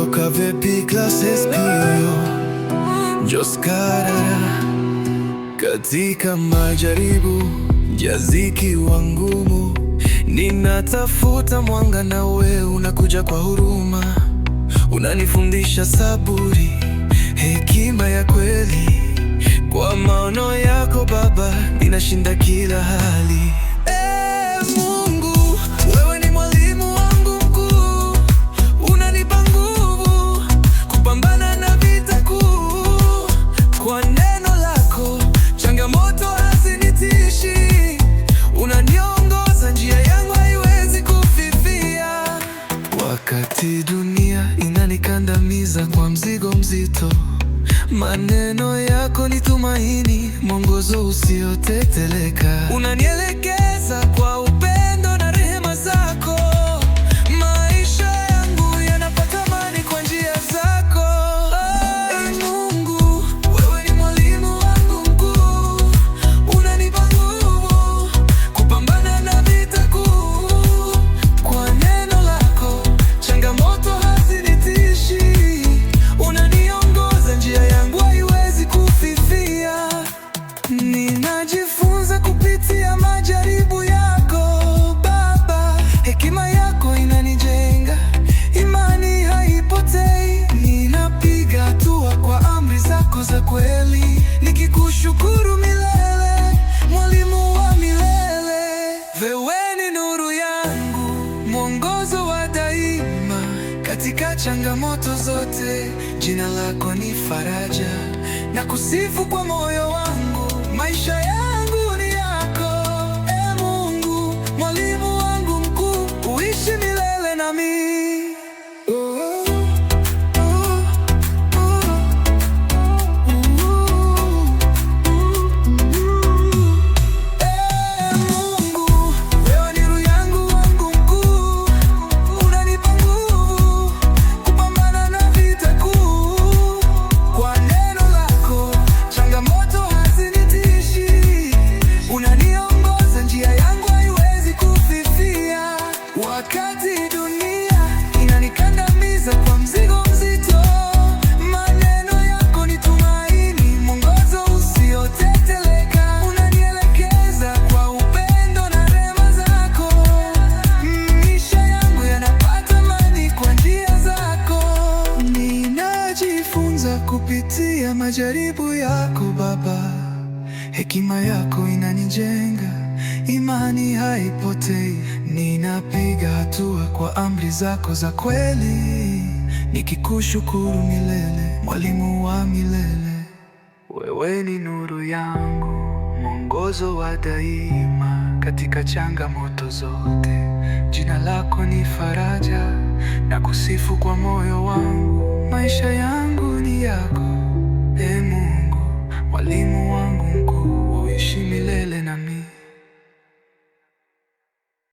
Sokakta Class SPO Joscarara katika majaribu jaziki wangumu, ninatafuta mwanga, na we unakuja kwa huruma, unanifundisha saburi, hekima ya kweli. Kwa maono yako Baba, ninashinda kila hali. Wakati dunia inanikandamiza kwa mzigo mzito, maneno yako ni tumaini, mwongozo usioteteleka, unanielekeza kwa nikikushukuru milele, mwalimu wa milele. Wewe ni nuru yangu, mwongozo wa daima katika changamoto zote, jina lako ni faraja, na kusifu kwa moyo wangu maisha ya wakati dunia inanikandamiza kwa mzigo mzito, maneno yako ni tumaini, mwongozo usioteteleka, unanielekeza kwa upendo na rema zako. Maisha yangu yanapata maana kwa njia zako, ninajifunza kupitia majaribu yako Baba, hekima yako inanijenga imani haipotei. Ninapiga hatua kwa amri zako za kweli, nikikushukuru milele, mwalimu wa milele. Wewe ni nuru yangu, mwongozo wa daima katika changamoto zote. Jina lako ni faraja, na kusifu kwa moyo wangu. Maisha yangu ni yako, e Mungu, mwalimu